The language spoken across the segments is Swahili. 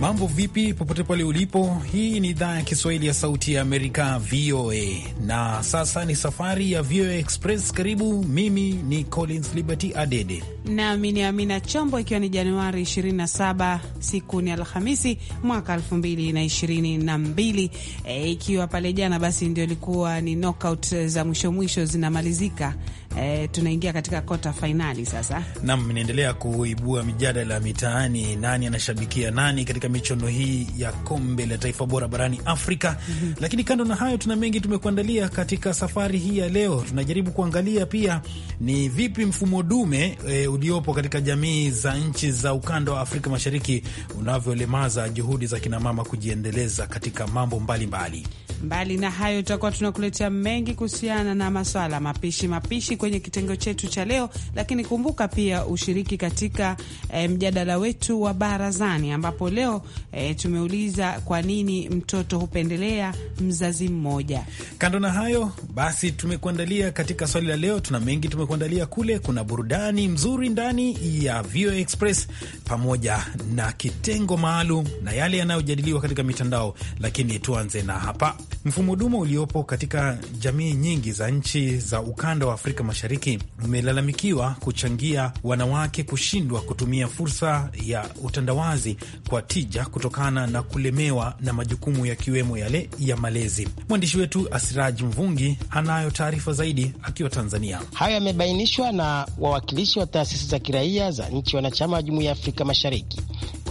Mambo vipi, popote pale ulipo, hii ni idhaa ya Kiswahili ya Sauti ya Amerika, VOA, na sasa ni safari ya VOA Express. Karibu, mimi ni Collins Liberty Adede nami ni Amina Chombo, ikiwa ni Januari 27 siku ni Alhamisi mwaka 2022. E, ikiwa pale jana basi ndio ilikuwa ni knockout za mwisho mwisho zinamalizika e, tunaingia katika kota fainali sasa. Nam, inaendelea kuibua mijadala mitaani, nani anashabikia nani katika michuano hii ya kombe la taifa bora barani Afrika. mm -hmm. Lakini kando na hayo, tuna mengi tumekuandalia katika safari hii ya leo. Tunajaribu kuangalia pia ni vipi mfumo dume e, uliopo katika jamii za nchi za ukanda wa Afrika Mashariki unavyolemaza juhudi za kinamama kujiendeleza katika mambo mbalimbali mbali. Mbali na hayo, tutakuwa tunakuletea mengi kuhusiana na maswala mapishi mapishi kwenye kitengo chetu cha leo, lakini kumbuka pia ushiriki katika e, mjadala wetu wa barazani, ambapo leo e, tumeuliza kwa nini mtoto hupendelea mzazi mmoja. Kando na hayo basi, tumekuandalia katika swali la leo, tuna mengi tumekuandalia kule. Kuna burudani mzuri ndani ya VOA Express pamoja na kitengo maalum na yale yanayojadiliwa katika mitandao, lakini tuanze na hapa Mfumo dume uliopo katika jamii nyingi za nchi za ukanda wa Afrika Mashariki umelalamikiwa kuchangia wanawake kushindwa kutumia fursa ya utandawazi kwa tija kutokana na kulemewa na majukumu yakiwemo yale ya malezi. Mwandishi wetu Asiraji Mvungi anayo taarifa zaidi akiwa Tanzania. Hayo yamebainishwa na wawakilishi wa taasisi za kiraia za nchi wanachama wa Jumuiya ya Afrika Mashariki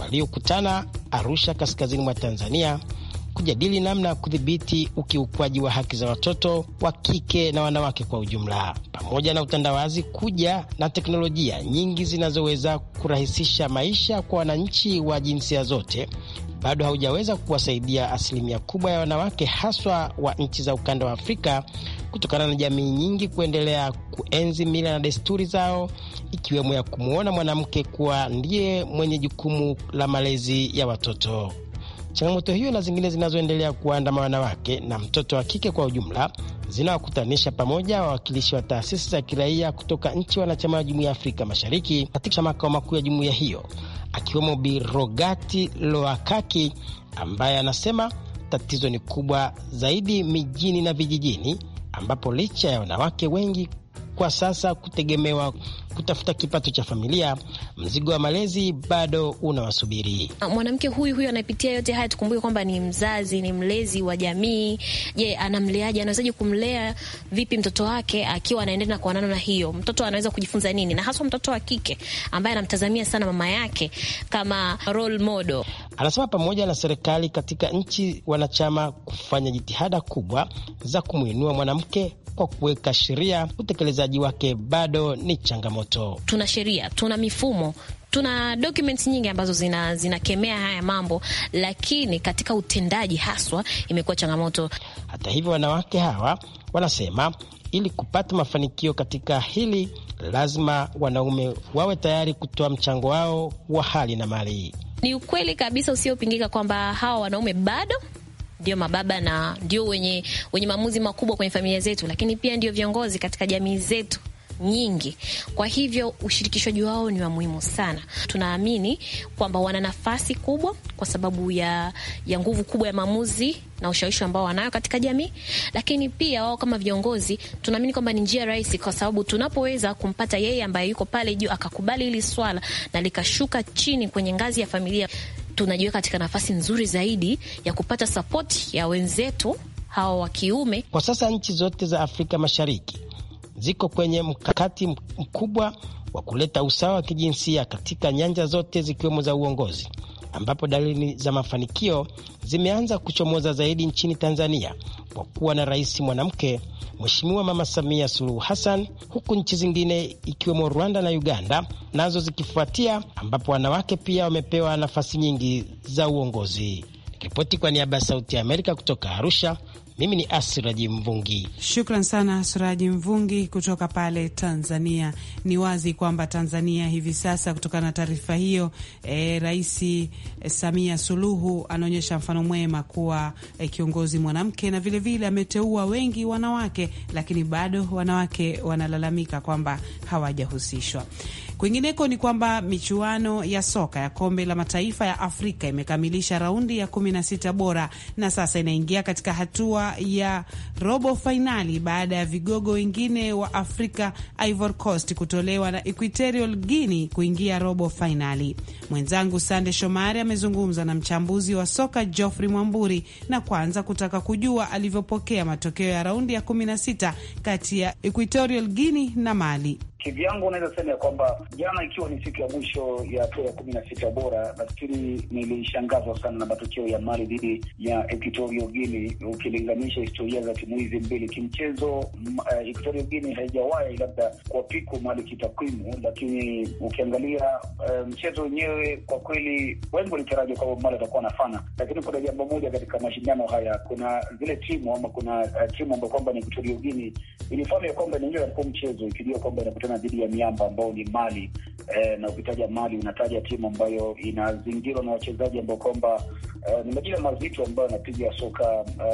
waliokutana Arusha, kaskazini mwa Tanzania kujadili namna ya kudhibiti ukiukwaji wa haki za watoto wa kike na wanawake kwa ujumla, pamoja na utandawazi kuja na teknolojia nyingi zinazoweza kurahisisha maisha kwa wananchi wa jinsia zote, bado haujaweza kuwasaidia asilimia kubwa ya wanawake haswa wa nchi za ukanda wa Afrika kutokana na jamii nyingi kuendelea kuenzi mila na desturi zao ikiwemo ya kumwona mwanamke kuwa ndiye mwenye jukumu la malezi ya watoto. Changamoto hiyo na zingine zinazoendelea kuwaandama wanawake na mtoto wa kike kwa ujumla zinawakutanisha pamoja wawakilishi wa taasisi za kiraia kutoka nchi wanachama wa jumuiya ya Afrika Mashariki katika makao makuu ya jumuiya hiyo, akiwemo Birogati Loakaki ambaye anasema tatizo ni kubwa zaidi mijini na vijijini, ambapo licha ya wanawake wengi kwa sasa kutegemewa kutafuta kipato cha familia, mzigo wa malezi bado unawasubiri. Ah, mwanamke huyu huyu anapitia yote haya, tukumbuke kwamba ni mzazi, ni mlezi wa jamii. Je, anamleaje? Anawezaje kumlea vipi mtoto wake akiwa anaendelea kuanana na hiyo? Mtoto anaweza kujifunza nini, na haswa mtoto wa kike ambaye anamtazamia sana mama yake kama role model? Anasema pamoja na serikali katika nchi wanachama kufanya jitihada kubwa za kumwinua mwanamke kwa kuweka sheria, utekelezaji wake bado ni changamoto changamoto. Tuna sheria, tuna mifumo tuna documents nyingi ambazo zina zinakemea haya mambo, lakini katika utendaji haswa imekuwa changamoto. Hata hivyo, wanawake hawa wanasema ili kupata mafanikio katika hili lazima wanaume wawe tayari kutoa mchango wao wa hali na mali. Ni ukweli kabisa usiopingika kwamba hawa wanaume bado ndio mababa na ndio wenye, wenye maamuzi makubwa kwenye familia zetu, lakini pia ndio viongozi katika jamii zetu nyingi. Kwa hivyo ushirikishwaji wao ni wa muhimu sana. Tunaamini kwamba wana nafasi kubwa kwa sababu ya, ya nguvu kubwa ya maamuzi na ushawishi ambao wanayo katika jamii, lakini pia wao kama viongozi tunaamini kwamba ni njia rahisi, kwa sababu tunapoweza kumpata yeye ambaye yuko pale juu akakubali hili swala na likashuka chini kwenye ngazi ya familia, tunajiweka katika nafasi nzuri zaidi ya kupata sapoti ya wenzetu hawa wa kiume. Kwa sasa nchi zote za Afrika Mashariki ziko kwenye mkakati mkubwa wa kuleta usawa wa kijinsia katika nyanja zote zikiwemo za uongozi, ambapo dalili za mafanikio zimeanza kuchomoza zaidi nchini Tanzania kwa kuwa na rais mwanamke Mheshimiwa Mama Samia Suluhu Hassan, huku nchi zingine ikiwemo Rwanda na Uganda nazo zikifuatia, ambapo wanawake pia wamepewa nafasi nyingi za uongozi. Ripoti kwa niaba ya Sauti ya Amerika kutoka Arusha. Mimi ni Asiraji Mvungi. Shukran sana Asiraji Mvungi kutoka pale Tanzania. Ni wazi kwamba Tanzania hivi sasa, kutokana na taarifa hiyo e, Rais e, Samia Suluhu anaonyesha mfano mwema kuwa e, kiongozi mwanamke na vilevile vile ameteua wengi wanawake, lakini bado wanawake wanalalamika kwamba hawajahusishwa. Kwingineko ni kwamba michuano ya soka ya kombe la mataifa ya Afrika imekamilisha raundi ya 16 bora na sasa inaingia katika hatua ya robo fainali baada ya vigogo wengine wa Afrika, Ivory Coast kutolewa na Equatorial Guinea kuingia robo fainali. Mwenzangu Sande Shomari amezungumza na mchambuzi wa soka Geoffrey Mwamburi na kwanza kutaka kujua alivyopokea matokeo ya raundi ya 16 kati ya Equatorial Guinea na Mali. Kivyangu unaweza sema ya kwamba jana, ikiwa ni siku ya mwisho ya hatua ya kumi na sita bora, nafikiri nilishangazwa sana na matokeo ya Mali dhidi ya Equatorial Guinea, ukilinganisha historia za timu hizi mbili kimchezo. Uh, Equatorial Guinea haijawahi labda kuwapiku Mali kitakwimu, lakini ukiangalia uh, mchezo wenyewe kwa kweli, wengi walitarajia kwamba Mali atakuwa nafana, lakini kuna jambo moja katika mashindano haya, kuna zile timu ama kuna uh, timu ambayo kwamba ni Equatorial Guinea ilifahamu ya kwamba inaingia katika mchezo ikijua kwamba inakutana tena dhidi ya miamba ambao ni Mali. E, na ukitaja Mali unataja timu ambayo inazingirwa na wachezaji ambao kwamba e, ni majina mazito ambayo anapiga soka e,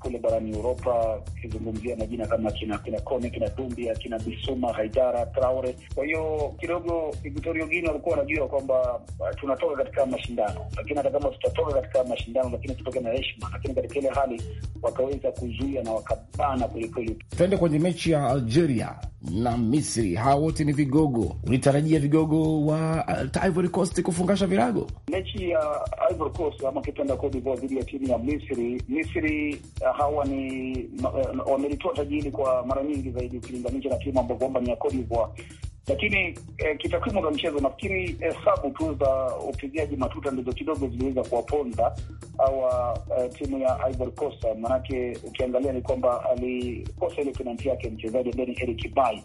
kule barani Uropa, ukizungumzia majina kama kina kina Kone, kina Dumbia, kina Bisuma, Haidara, Traore. Kwa hiyo kidogo Equatorial Guinea walikuwa wanajua kwamba tunatoka katika mashindano, lakini hata kama tutatoka katika mashindano, lakini tutoke na heshima, lakini katika ile hali wakaweza kuzuia na wakabana kwelikweli. Tuende kwenye mechi ya Algeria na Misri. Hawa wote ni vigogo. Ulitarajia vigogo wa uh, Ivory Coast kufungasha virago mechi ya uh, Ivory Coast ama kitenda Cote d'Ivoire dhidi ya timu ya Misri. Misri uh, hawa ni uh, wamelitoa uh, kwa mara nyingi zaidi ukilinganisha na timu ambao ni ya Cote d'Ivoire lakini eh, kitakwimu za mchezo nafikiri hesabu eh, tu za upigaji matuta ndizo kidogo ziliweza kuwaponza awa eh, timu ya Ivory Coast. Maanake ukiangalia ni kwamba alikosa ile penalti yake mchezaji ambaye ni Eric bay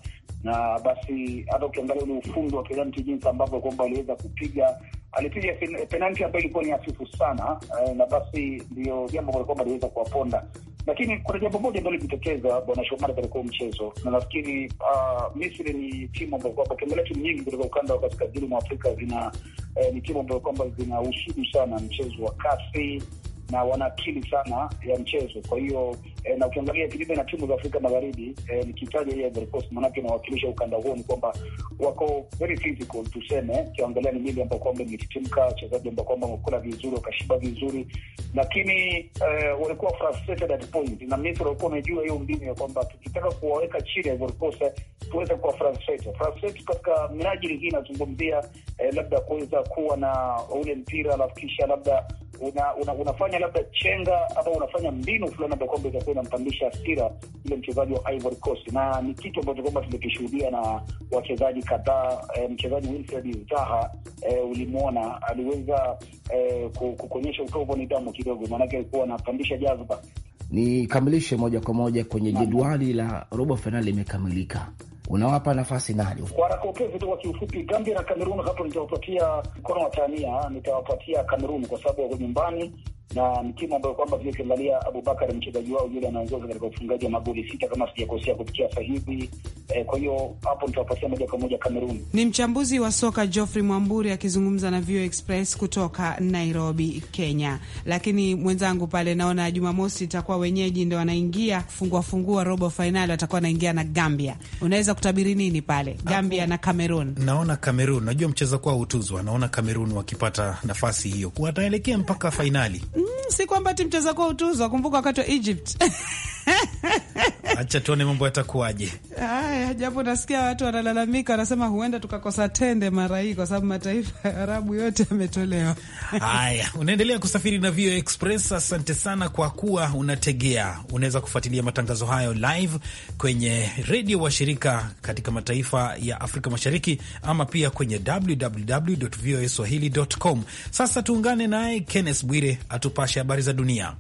na basi hata ukiangalia ule ufundi wa penalti jinsi ambavyo kwamba aliweza kupiga alipiga penalti ambayo ilikuwa ni hafifu sana eh, na basi ndio jambo kwa kwamba aliweza kuwaponda, lakini kuna jambo moja ambalo limejitokeza bwana Shomari katika huu mchezo, na nafikiri uh, Misri ni timu ambayo kwamba ukiangalia timu nyingi kutoka ukanda wa kaskazini mwa Afrika zina eh, ni timu ambayo kwamba zina usudu sana mchezo wa kasi na wana akili sana ya mchezo. Kwa hiyo E, na ukiangalia kinyume na timu za Afrika Magharibi e, nikitaja hiyo Ivory Coast manake inawakilisha ukanda huo, ni kwamba wako very physical tuseme. Ukiangalia ni mili ambao kwamba imetimka, wachezaji ambao kwamba wamekula vizuri, wakashiba vizuri, lakini e, walikuwa frustrated at point, na Misri walikuwa wamejua hiyo mbinu ya kwamba tukitaka kuwaweka chini Ivory Coast tuweze kuwa frustrated frustrated. Katika minajili hii inazungumzia e, labda kuweza kuwa na ule mpira alafu kisha labda una, una, unafanya labda chenga ama unafanya mbinu fulani ambayo kwamba itakuwa inampandisha asira yule mchezaji wa Ivory Coast, na ni kitu ambacho kwamba tumekishuhudia na wachezaji kadhaa. E, mchezaji Wilfred Zaha e, eh, ulimwona aliweza e, kuonyesha utovu ni damu kidogo, maanake alikuwa anapandisha jazba. Nikamilishe moja kwa moja kwenye jedwali la robo fainali limekamilika unawapa nafasi nani? Wanakokevu tu kwa kiufupi, Gambia na Kamerun hapo nitawapatia mkono wa tania, nitawapatia Kamerun kwa sababu wako nyumbani na ni timu ambayo kwamba vile ukiangalia Abubakar mchezaji wao yule anaongoza katika ufungaji wa magoli sita kama sijakosea kufikia sasa hivi. E, eh, kwa hiyo hapo nitawapatia moja kwa moja Kamerun. Ni mchambuzi wa soka Geoffrey Mwamburi akizungumza na Vio Express kutoka Nairobi, Kenya. Lakini mwenzangu pale naona Jumamosi itakuwa wenyeji ndo wanaingia kufungua fungua robo fainali, watakuwa wanaingia na Gambia. Unaweza kutabiri nini pale Gambia Apu, na Kamerun? Naona Kamerun, najua mchezo kwao hutuzwa, naona Kamerun wakipata nafasi hiyo wataelekea mpaka fainali. Mm, si kwamba ati mchezo kwa utuzwa. Kumbuka wakati wa Egypt Acha tuone mambo yatakuwaje. Haya, japo nasikia watu wanalalamika, wanasema huenda tukakosa tende mara hii, kwa sababu mataifa ya Arabu yote yametolewa. Haya, unaendelea kusafiri na VOA Express. Asante sana kwa kuwa unategea. Unaweza kufuatilia matangazo hayo live kwenye redio wa shirika katika mataifa ya Afrika Mashariki, ama pia kwenye www.voaswahili.com. Sasa tuungane naye Kenneth Bwire atupashe habari za dunia.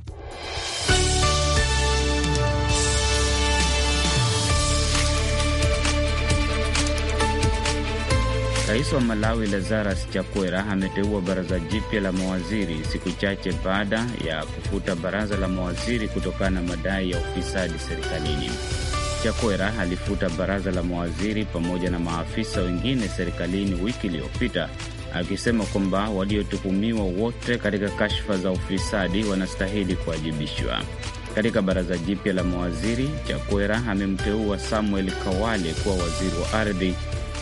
Rais wa Malawi Lazarus Chakwera ameteua baraza jipya la mawaziri siku chache baada ya kufuta baraza la mawaziri kutokana na madai ya ufisadi serikalini. Chakwera alifuta baraza la mawaziri pamoja na maafisa wengine serikalini wiki iliyopita akisema kwamba waliotuhumiwa wote katika kashfa za ufisadi wanastahili kuwajibishwa. Katika baraza jipya la mawaziri, Chakwera amemteua Samuel Kawale kuwa waziri wa ardhi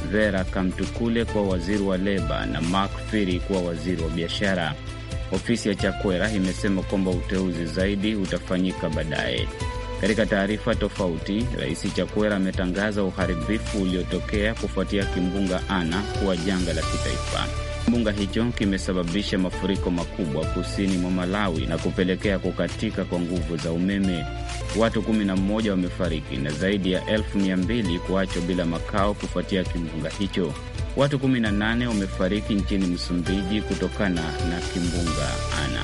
Vera Kamtukule kuwa waziri wa leba na Mark Firi kuwa waziri wa biashara. Ofisi ya Chakwera imesema kwamba uteuzi zaidi utafanyika baadaye. Katika taarifa tofauti, Rais Chakwera ametangaza uharibifu uliotokea kufuatia kimbunga Ana kuwa janga la kitaifa. Kimbunga hicho kimesababisha mafuriko makubwa kusini mwa Malawi na kupelekea kukatika kwa nguvu za umeme. Watu 11 wamefariki na zaidi ya elfu kuachwa bila makao kufuatia kimbunga hicho. Watu 18 wamefariki nchini Msumbiji kutokana na kimbunga Ana.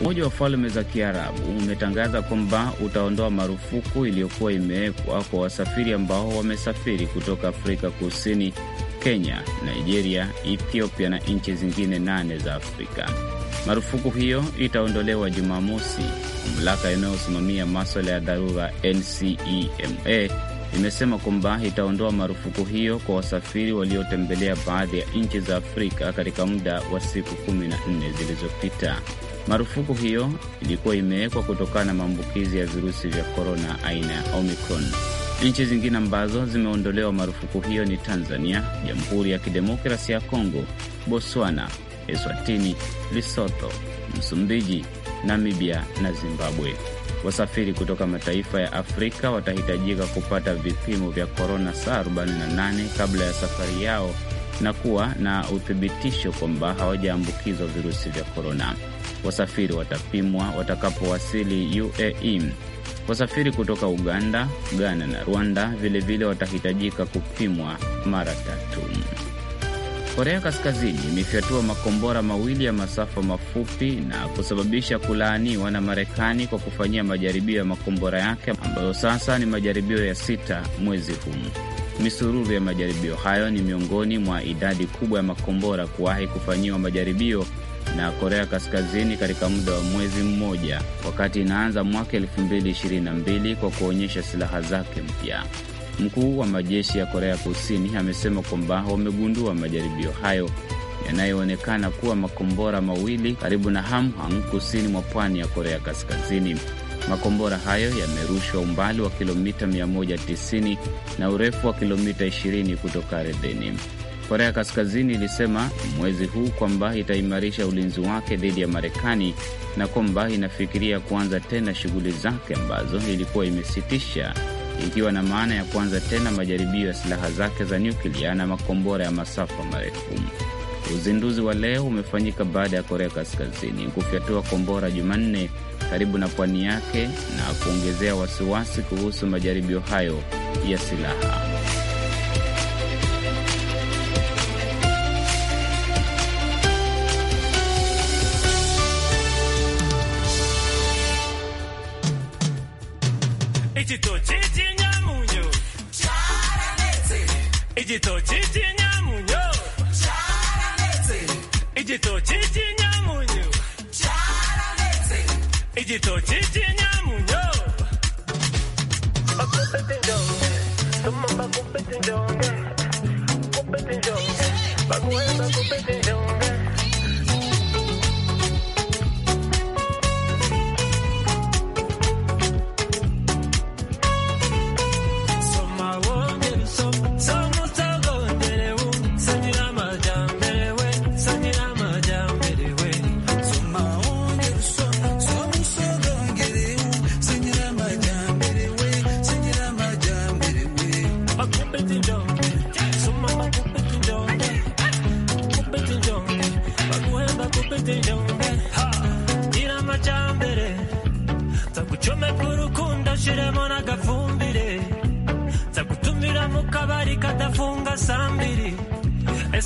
Umoja wa Falme za Kiarabu umetangaza kwamba utaondoa marufuku iliyokuwa imewekwa kwa wasafiri ambao wamesafiri kutoka Afrika Kusini Kenya, Nigeria, Ethiopia na nchi zingine nane za Afrika. Marufuku hiyo itaondolewa Jumamosi. Mamlaka inayosimamia maswala ya dharura NCEMA imesema kwamba itaondoa marufuku hiyo kwa wasafiri waliotembelea baadhi ya nchi za Afrika katika muda wa siku 14 zilizopita. Marufuku hiyo ilikuwa imewekwa kutokana na maambukizi ya virusi vya korona aina ya Omicron. Nchi zingine ambazo zimeondolewa marufuku hiyo ni Tanzania, Jamhuri ya Kidemokrasi ya Kongo, Botswana, Eswatini, Lesotho, Msumbiji, Namibia na Zimbabwe. Wasafiri kutoka mataifa ya Afrika watahitajika kupata vipimo vya korona saa 48 kabla ya safari yao na kuwa na uthibitisho kwamba hawajaambukizwa virusi vya korona. Wasafiri watapimwa watakapowasili UAE. Wasafiri kutoka Uganda, Ghana na Rwanda vilevile vile watahitajika kupimwa mara tatu. Korea Kaskazini imefyatua makombora mawili ya masafa mafupi na kusababisha kulaaniwa na Marekani kwa kufanyia majaribio ya makombora yake ambayo sasa ni majaribio ya sita mwezi huu. Misururu ya majaribio hayo ni miongoni mwa idadi kubwa ya makombora kuwahi kufanyiwa majaribio na Korea Kaskazini katika muda wa mwezi mmoja, wakati inaanza mwaka 2022 kwa kuonyesha silaha zake mpya. Mkuu wa majeshi ya Korea Kusini amesema kwamba wamegundua majaribio hayo yanayoonekana kuwa makombora mawili karibu na Hamhang kusini mwa pwani ya Korea Kaskazini. Makombora hayo yamerushwa umbali wa kilomita 190 na urefu wa kilomita 20 kutoka ardhini. Korea Kaskazini ilisema mwezi huu kwamba itaimarisha ulinzi wake dhidi ya Marekani na kwamba inafikiria kuanza tena shughuli zake ambazo ilikuwa imesitisha, ikiwa na maana ya kuanza tena majaribio ya silaha zake za nyuklia na makombora ya masafa marefu. Uzinduzi wa leo umefanyika baada ya Korea Kaskazini kufyatua kombora Jumanne karibu na pwani yake na kuongezea wasiwasi kuhusu majaribio hayo ya silaha.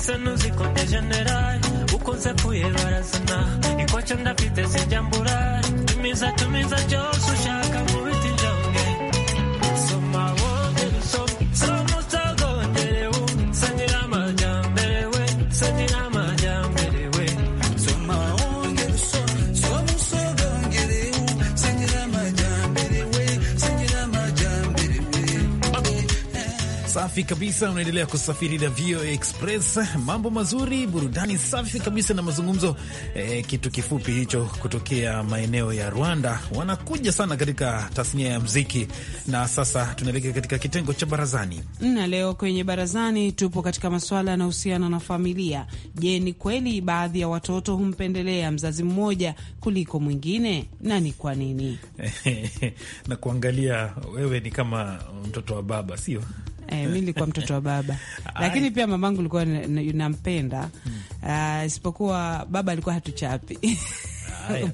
ubusenuzi kote generali ukunze kuye barazana ikoco ndafite sijya mbura tumiza tumiza cyose ushaka safi kabisa, unaendelea kusafiri na VOA Express. Mambo mazuri, burudani safi kabisa na mazungumzo eh, kitu kifupi hicho kutokea maeneo ya Rwanda. Wanakuja sana katika tasnia ya mziki, na sasa tunaelekea katika kitengo cha barazani, na leo kwenye barazani tupo katika masuala yanahusiana na familia. Je, ni kweli baadhi ya watoto humpendelea mzazi mmoja kuliko mwingine na ni kwa nini? na kuangalia wewe ni kama mtoto wa baba, sio? eh, mi nilikuwa mtoto wa baba lakini pia mamangu likuwa nampenda uh, isipokuwa baba alikuwa hatuchapi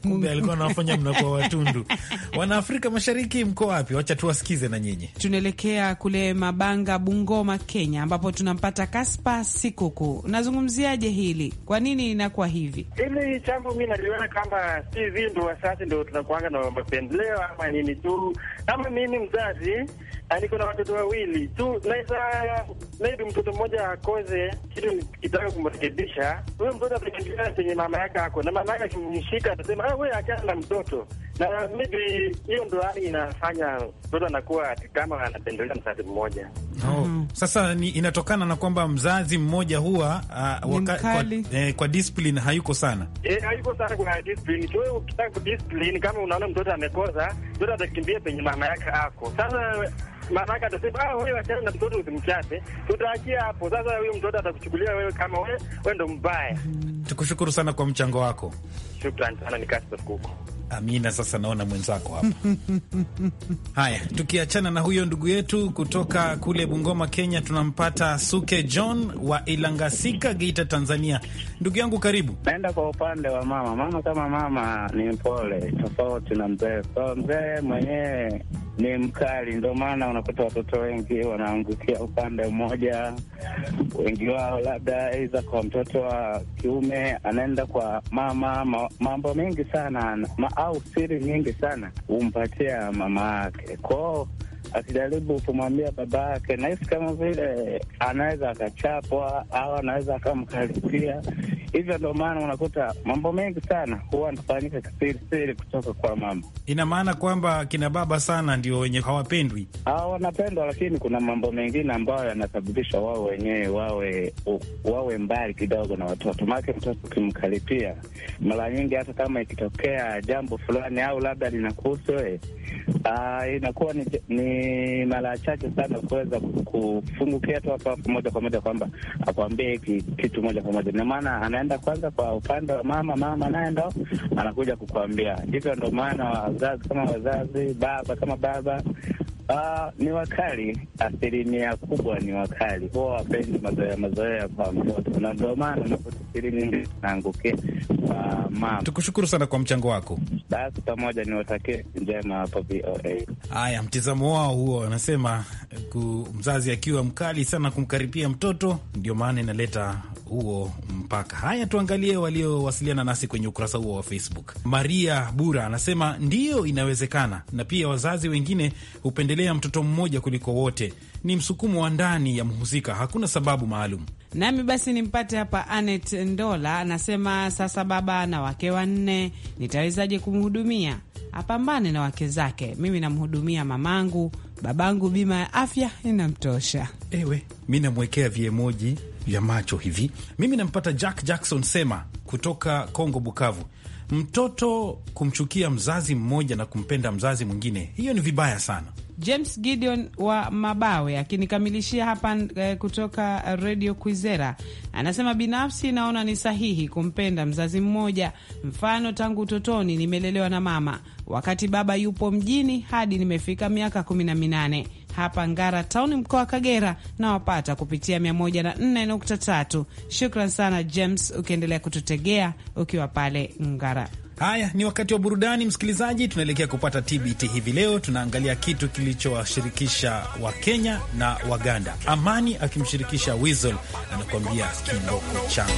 Kumbe alikuwa anawafanya mnakuwa watundu. Wanaafrika Mashariki mko wapi? Wacha tuwasikize na nyinyi. Tunaelekea kule Mabanga, Bungoma, Kenya, ambapo tunampata Kaspa Sikuku. Nazungumziaje hili? Kwa nini inakuwa hivi hili jambo? Mi naliona kwamba si vindu wasasi ndo tunakuanga na mapendeleo ama nini tu, kama mimi mzazi niko yaani na watoto wawili tu, naweza maybe mtoto mmoja akoze kitu kitaka kumrekebisha huyo mtoto, atakimbia penye mama yake ako na mama yake akimshika, atasema ah, wewe achana na mtoto. Na maybe hiyo ndo hali inafanya mtoto anakuwa kama anapendelea mzazi mmoja. Oh. Mm -hmm. Sasa ni inatokana na kwamba mzazi mmoja huwa uh, waka, kwa, eh, kwa discipline hayuko sana eh, hayuko sana kwa discipline. Kwa hiyo ukitaka discipline, kama unaona mtoto amekosa, mtoto atakimbia penye mama yake ako sasa maanake atasema ah, wewe, achana na mtoto usimchate, tutaachia hapo. Sasa huyu mtoto atakuchukulia wewe kama wewe wewe ndo mbaya. Tukushukuru sana kwa mchango wako, shukrani sana. Ni Kaspa Kuku. Amina, sasa naona mwenzako hapa. Haya, tukiachana na huyo ndugu yetu kutoka kule Bungoma, Kenya, tunampata Suke John wa Ilangasika, Geita, Tanzania. Ndugu yangu, karibu. Naenda kwa upande wa mama. Mama kama mama ni mpole, tofauti na mzee. So mzee mwenyewe ni mkali, ndio maana unakuta watoto wengi wanaangukia upande mmoja. Wengi wao labda aidha, kwa mtoto wa kiume anaenda kwa mama ma, mambo mengi sana ma, au siri nyingi sana humpatia mama yake kwao akijaribu kumwambia baba yake, nahisi kama vile anaweza akachapwa au anaweza akamkaribia. Hivyo ndio maana unakuta mambo mengi sana huwa anafanyika kisirisiri kutoka kwa mama. Ina maana kwamba kina baba sana ndio wenye hawapendwi? Aa, wanapendwa, lakini kuna mambo mengine ambayo yanasababisha wao wenyewe wawe wawe mbali kidogo na watoto. Maake mtoto ukimkaripia mara nyingi, hata kama ikitokea jambo fulani au labda linakuhusu wewe, eh, ah, inakuwa ni, ni mara chache sana kuweza kufungukia tu hapa moja kwa moja kwamba akwambie hiki kitu moja kwa moja, ina maana unaenda kwanza kwa upande wa mama, mama naye ndo anakuja kukuambia hivyo. Ndo maana wazazi kama wazazi, baba kama baba Uh, ni wakali, asilimia kubwa ni wakali, huwa wapendi mazoea mazoea kwa mtoto, na ndio maana napotisilini naangukia kwa mama. Tukushukuru sana kwa mchango wako. Basi pamoja ni watakie njema hapo VOA. Haya, mtizamo wao huo, wanasema mzazi akiwa mkali sana kumkaribia mtoto, ndio maana inaleta huo mpaka. Haya, tuangalie waliowasiliana nasi kwenye ukurasa huo wa Facebook. Maria Bura anasema ndiyo, inawezekana, na pia wazazi wengine hupendelea mtoto mmoja kuliko wote. Ni msukumo wa ndani ya mhusika, hakuna sababu maalum. Nami basi nimpate hapa. Anet Ndola anasema sasa, baba na wake wanne, nitawezaje kumhudumia? Apambane na wake zake. Mimi namhudumia mamangu babangu bima ya afya inamtosha. Ewe mi namwekea viemoji vya macho hivi. Mimi nampata Jack Jackson Sema kutoka Kongo Bukavu, Mtoto kumchukia mzazi mmoja na kumpenda mzazi mwingine, hiyo ni vibaya sana. James Gideon wa Mabawe akinikamilishia hapa e, kutoka Radio Kwizera anasema binafsi naona ni sahihi kumpenda mzazi mmoja. Mfano, tangu utotoni nimelelewa na mama, wakati baba yupo mjini hadi nimefika miaka kumi na minane hapa Ngara tauni mkoa wa Kagera, na wapata kupitia 104.3. Shukran sana James, ukiendelea kututegea ukiwa pale Ngara. Haya, ni wakati wa burudani, msikilizaji. Tunaelekea kupata TBT hivi leo. Tunaangalia kitu kilichowashirikisha Wakenya na Waganda. Amani akimshirikisha Weasel anakuambia kiboko changu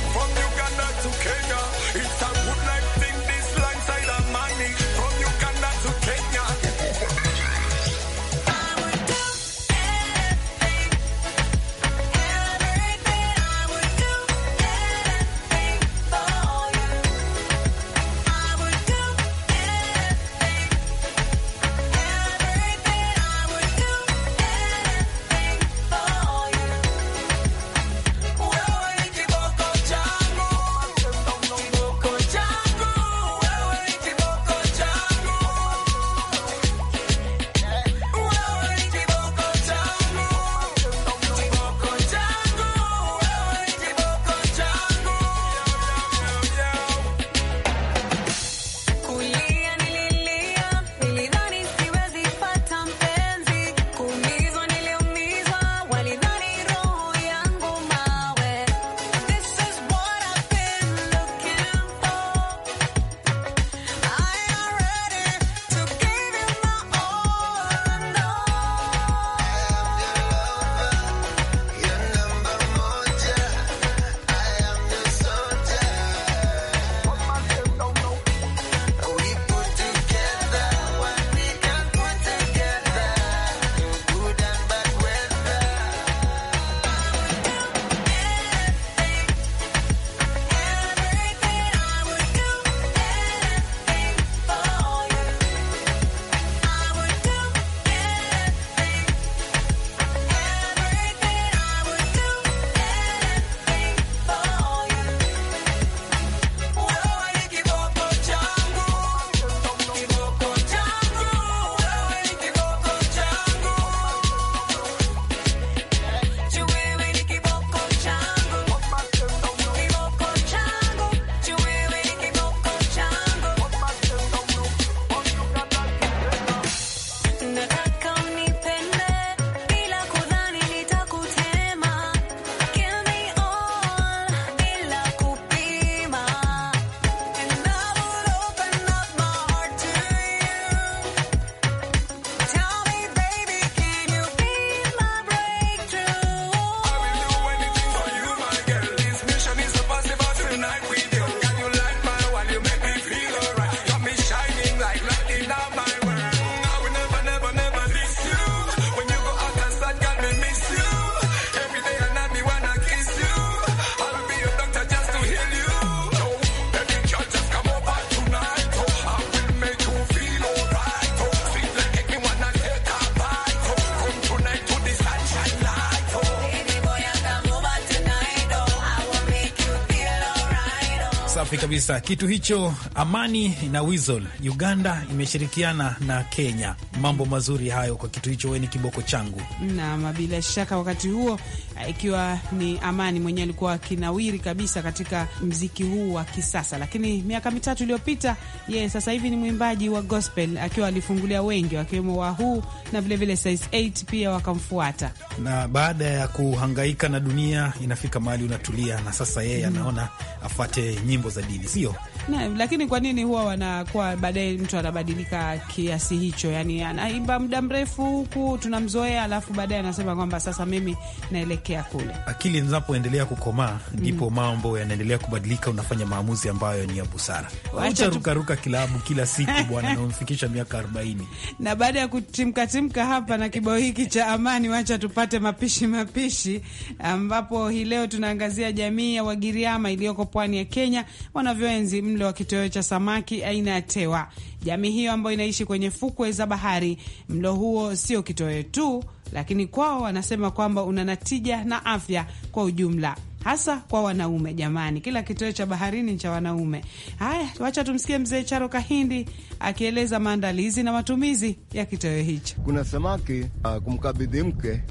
kabisa kitu hicho. Amani na Weasel, Uganda imeshirikiana na Kenya. Mambo mazuri hayo kwa kitu hicho, we ni kiboko changu. nam. bila shaka, wakati huo eh, ikiwa ni Amani mwenyewe alikuwa akinawiri kabisa katika mziki huu wa kisasa, lakini miaka mitatu iliyopita yeah, sasa hivi ni mwimbaji wa gospel, akiwa alifungulia wengi wakiwemo Wahuu na vilevile Size 8 pia wakamfuata, na baada ya kuhangaika na dunia inafika mahali unatulia, na sasa yeye mm. anaona afuate nyimbo za dini vacío Na, lakini kwa nini huwa wanakuwa baadaye mtu anabadilika kiasi hicho? Yani anaimba muda mrefu huku tunamzoea, alafu baadaye anasema kwamba sasa mimi naelekea kule. Akili zinapoendelea kukomaa ndipo mm, mambo yanaendelea kubadilika, unafanya maamuzi ambayo ni ya busara. Acha Utarukaruka kilabu kila siku bwana, namfikisha miaka arobaini. Na baada ya kutimka timka hapa na kibao hiki cha amani, wacha tupate mapishi mapishi, ambapo hii leo tunaangazia jamii ya Wagiriama iliyoko pwani ya Kenya wanavyoenzi mlo wa kitoweo cha samaki aina ya tewa. Jamii hiyo ambayo inaishi kwenye fukwe za bahari, mlo huo sio kitoweo tu, lakini kwao wanasema kwamba una natija na afya kwa ujumla hasa kwa wanaume. Jamani, kila kitoweo cha baharini ni cha wanaume. Haya, wacha tumsikie mzee Charo Kahindi akieleza maandalizi na matumizi ya kitoweo hicho. Kuna samaki uh, kumkabidhi mke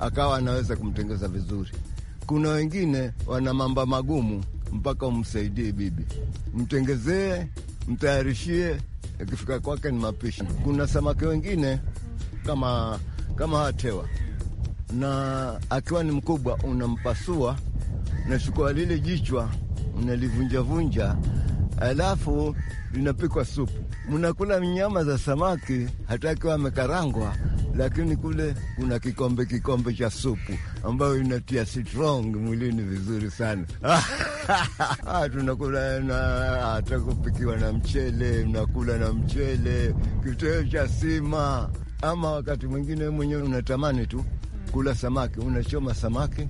akawa anaweza kumtengeza vizuri. Kuna wengine wana mamba magumu mpaka umsaidie bibi, mtengezee, mtayarishie. Akifika kwake ni mapishi. Kuna samaki wengine kama kama hatewa, na akiwa ni mkubwa unampasua na lile jichwa unalivunjavunja alafu linapikwa supu. Mnakula nyama za samaki hata akiwa amekarangwa, lakini kule kuna kikombe kikombe cha supu ambayo inatia strong mwilini vizuri sana. Tunakula na hata kupikiwa na mchele, mnakula na mchele, kitoweo cha sima, ama wakati mwingine mwenyewe unatamani tu kula samaki, unachoma samaki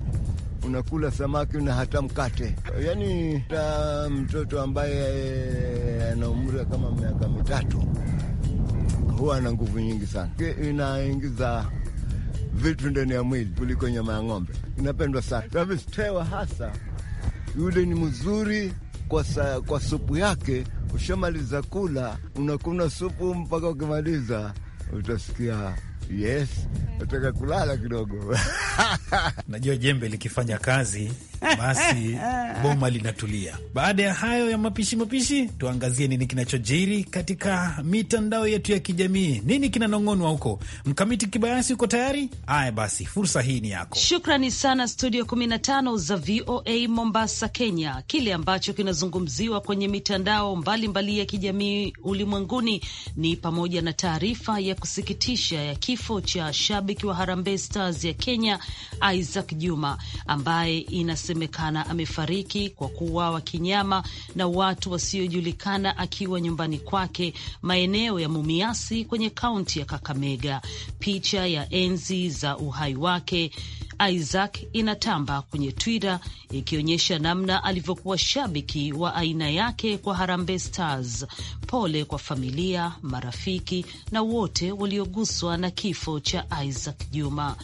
unakula samaki na hata mkate. Yaani ta mtoto ambaye eh, ana umri kama miaka mitatu huwa ana nguvu nyingi sana, inaingiza vitu ndani ya mwili kuliko nyama ya ng'ombe. Inapendwa sana avistewa hasa yule ni mzuri kwa, sa, kwa supu yake. Ushamaliza kula unakuna supu mpaka ukimaliza utasikia Yes, nataka kulala kidogo. Najua jembe likifanya kazi basi boma linatulia. Baada ya hayo ya mapishi mapishi, tuangazie nini kinachojiri katika mitandao yetu ya kijamii. Nini kinanong'onwa huko? Mkamiti Kibayasi, uko tayari? aya basi, fursa hii ni yako. Shukrani sana studio 15 za VOA Mombasa, Kenya. Kile ambacho kinazungumziwa kwenye mitandao mbalimbali mbali ya kijamii ulimwenguni ni pamoja na taarifa ya kusikitisha ya kifo cha shabiki wa Harambee Stars ya Kenya Isaac Juma ambaye inase inasemekana amefariki kwa kuuawa kinyama na watu wasiojulikana akiwa nyumbani kwake maeneo ya Mumiasi kwenye kaunti ya Kakamega. Picha ya enzi za uhai wake Isaac inatamba kwenye Twitter ikionyesha namna alivyokuwa shabiki wa aina yake kwa Harambee Stars. Pole kwa familia, marafiki na wote walioguswa na kifo cha Isaac Juma.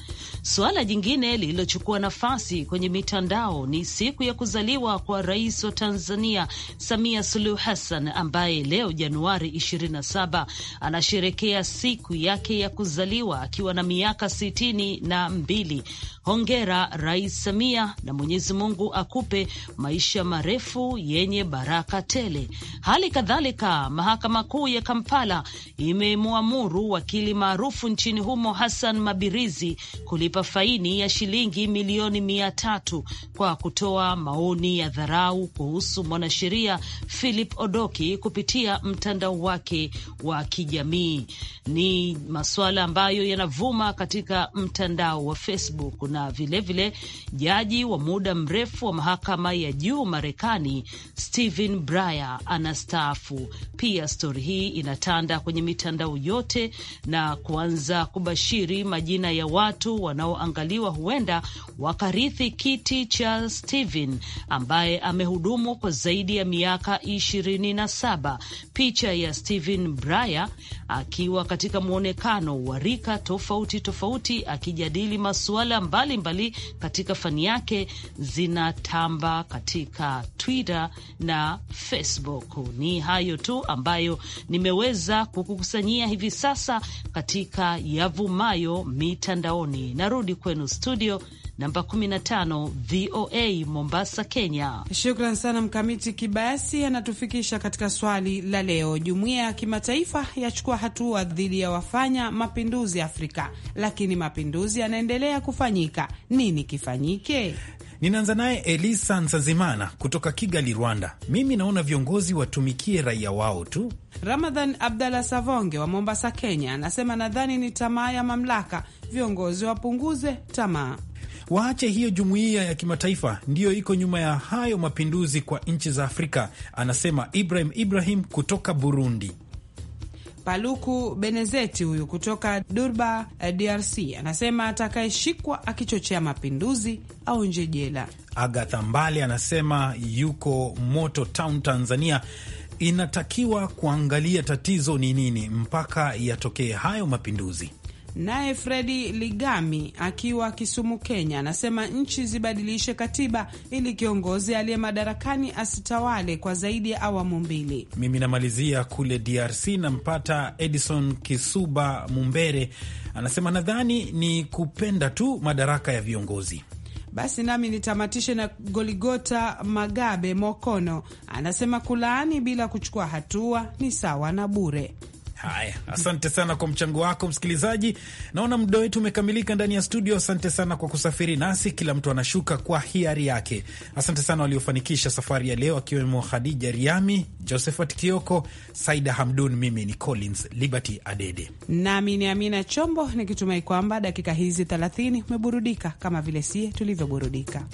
Suala jingine lililochukua nafasi kwenye mitandao ni siku ya kuzaliwa kwa rais wa Tanzania Samia Suluhu Hassan ambaye leo Januari 27 anasherekea siku yake ya kuzaliwa akiwa na miaka sitini na mbili Hongera Rais Samia, na Mwenyezi Mungu akupe maisha marefu yenye baraka tele. Hali kadhalika, mahakama kuu ya Kampala imemwamuru wakili maarufu nchini humo Hassan Mabirizi kulipa faini ya shilingi milioni mia tatu kwa kutoa maoni ya dharau kuhusu mwanasheria Philip Odoki kupitia mtandao wake wa kijamii. Ni masuala ambayo yanavuma katika mtandao wa Facebook na na vilevile vile, jaji wa muda mrefu wa mahakama ya juu Marekani Stephen Breyer anastaafu pia. Stori hii inatanda kwenye mitandao yote na kuanza kubashiri majina ya watu wanaoangaliwa huenda wakarithi kiti cha Stephen ambaye amehudumu kwa zaidi ya miaka ishirini na saba. Picha ya Stephen Breyer akiwa katika mwonekano wa rika tofauti tofauti akijadili masuala mbalimbali katika fani yake zinatamba katika Twitter na Facebook. Ni hayo tu ambayo nimeweza kukukusanyia hivi sasa katika yavumayo mitandaoni. Narudi kwenu studio namba 15 VOA Mombasa, Kenya. Shukran sana Mkamiti Kibayasi anatufikisha katika swali la leo. Jumuiya ya kimataifa yachukua hatua dhidi ya wafanya mapinduzi Afrika, lakini mapinduzi yanaendelea kufanyika. Nini kifanyike? Ninaanza naye Elisa Nsazimana kutoka Kigali, Rwanda. Mimi naona viongozi watumikie raia wao tu. Ramadhan Abdalla Savonge wa Mombasa, Kenya anasema nadhani ni tamaa ya mamlaka, viongozi wapunguze tamaa. Waache hiyo jumuiya ya kimataifa ndiyo iko nyuma ya hayo mapinduzi kwa nchi za Afrika, anasema Ibrahim Ibrahim kutoka Burundi. Paluku Benezeti huyu kutoka Durba, eh, DRC, anasema atakayeshikwa akichochea mapinduzi au nje jela. Agatha Mbale anasema yuko Moto Town, Tanzania, inatakiwa kuangalia tatizo ni nini mpaka yatokee hayo mapinduzi. Naye Fredi Ligami akiwa Kisumu, Kenya, anasema nchi zibadilishe katiba ili kiongozi aliye madarakani asitawale kwa zaidi ya awamu mbili. Mimi namalizia kule DRC, nampata Edison Kisuba Mumbere, anasema nadhani ni kupenda tu madaraka ya viongozi. Basi nami nitamatishe na Goligota Magabe Mokono, anasema kulaani bila kuchukua hatua ni sawa na bure. Haya, asante sana kwa mchango wako msikilizaji. Naona muda wetu umekamilika ndani ya studio. Asante sana kwa kusafiri nasi, kila mtu anashuka kwa hiari yake. Asante sana waliofanikisha safari ya leo, akiwemo Khadija Riami, Josephat Kioko, Saida Hamdun. Mimi ni Collins Liberty Adede nami ni Amina Chombo, nikitumai kwamba dakika hizi 30 umeburudika kama vile sie tulivyoburudika.